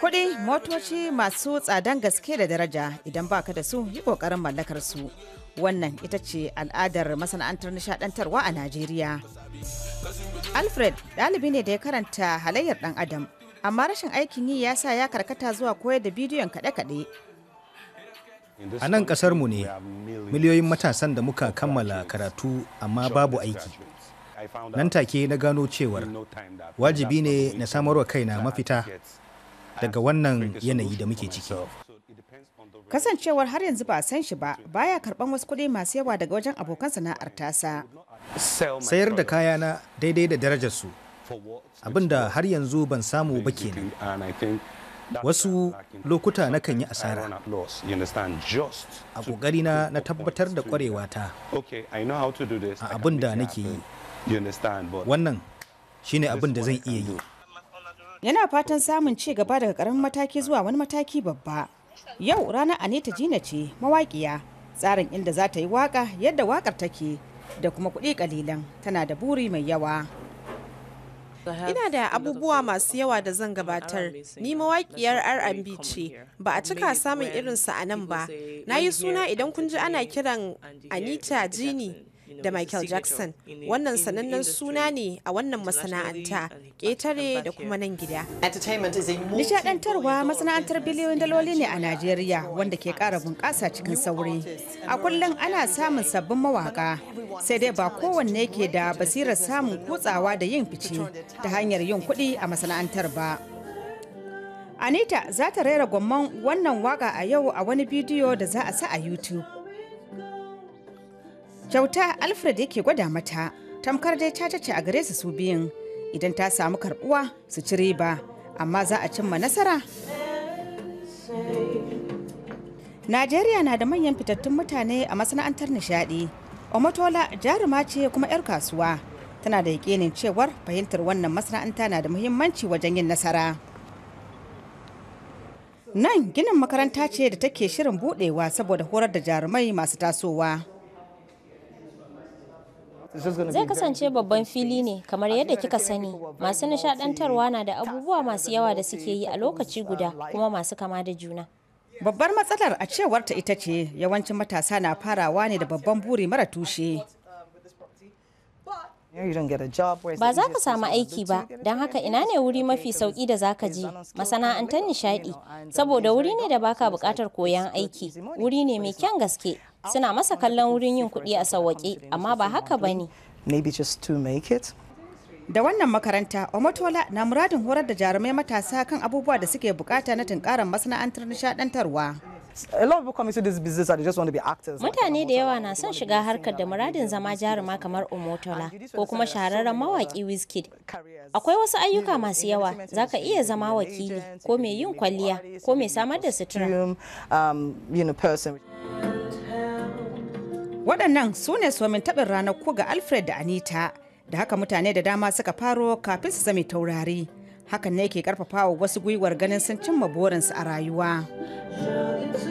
Kuɗi motoci masu tsadan gaske da daraja idan baka da su yi ƙoƙarin mallakarsu, Wannan ita ce al'adar masana'antar nishadantarwa a Najeriya. Alfred ɗalibi ne da ya karanta halayyar ɗan Adam, amma rashin aikin yi ya sa ya karkata zuwa koyar da bidiyon kaɗe-kaɗe A nan ƙasarmu ne miliyoyin matasan da muka kammala karatu amma babu aiki. nan take na gano cewar wajibi ne na samarwa kaina mafita daga wannan yanayi da muke ciki kasancewar har yanzu ba a san shi ba baya karban wasu kuɗi masu yawa daga wajen abokan sana'ar tasa sayar da kaya kayana daidai da darajarsu abinda har yanzu ban samu ba kenan wasu lokuta na kan yi asara a ƙoƙarina na tabbatar da ƙwarewata a abin da nake yi Wannan shi ne abin da zan iya yi. Yana fatan samun ci gaba daga karamin mataki zuwa wani mataki babba. Yau ranar Anita Jina ce mawaƙiya tsarin inda za ta yi waka yadda wakar take da kuma kuɗi kalilan tana da buri mai yawa. Ina da abubuwa masu yawa da zan gabatar. Ni mawaƙiyar R&B ce, ba a cika samun irinsa a nan ba. Na yi suna idan kun ji ana kiran Anita Jini. da Michael Jackson. Wannan sanannen suna ne a wannan masana'anta ƙetare da kuma nan gida. Nishadantarwa masana'antar biliyoyin daloli ne a Najeriya wanda ke ƙara bunƙasa cikin sauri. A kullum ana samun sabbin mawaƙa sai dai ba kowanne ke da basirar samun kutsawa da yin fice ta hanyar yin kuɗi a masana'antar ba. Anita za ta rera gwamman wannan waka a yau a wani bidiyo da za a sa a YouTube. kyauta alfred yake gwada mata tamkar dai ta ce a gare su su biyun idan ta samu karbuwa su ci riba amma za a cimma nasara najeriya na da manyan fitattun mutane a masana'antar nishadi omotola jaruma ce kuma 'yar kasuwa tana da yakinin cewar fahimtar wannan masana'anta na da muhimmanci wajen yin nasara nan ginin makaranta ce da take shirin budewa saboda horar da jarumai masu tasowa Zai kasance babban fili ne kamar yadda kika sani. Masu nishadantarwa na da abubuwa masu yawa da suke yi a lokaci guda kuma masu kama da juna. Babbar matsalar a cewar ta ita ce yawancin matasa na farawa ne da babban buri mara tushe. Ba za ka samu aiki ba, don haka ina ne wuri mafi sauki da za ka je, masana'antar nishaɗi, saboda wuri ne da baka buƙatar koyan aiki, wuri ne mai kyan gaske, suna masa kallon wurin yin kuɗi a sauwaƙe, amma ba haka ba ne. Da wannan makaranta, Omotola na muradin horar da jarumai matasa kan abubuwa da suke bukata na tunkarar masana'antar nishaɗantarwa. a lot of people come into this business and they just want to be actors mutane da yawa na son shiga harkar da muradin zama jaruma kamar Omotola ko kuma shahararren mawaki Wizkid uh, akwai wasu ayyuka hmm, masu yawa zaka iya zama wakili ko mai yin kwalliya ko mai samar da sutura um, waɗannan su ne somin taɓin ko ga alfred da anita da haka mutane da dama suka faro kafin su zame taurari hakan ne ke karfafawa wasu gwiwar ganin sun cimma burinsu a rayuwa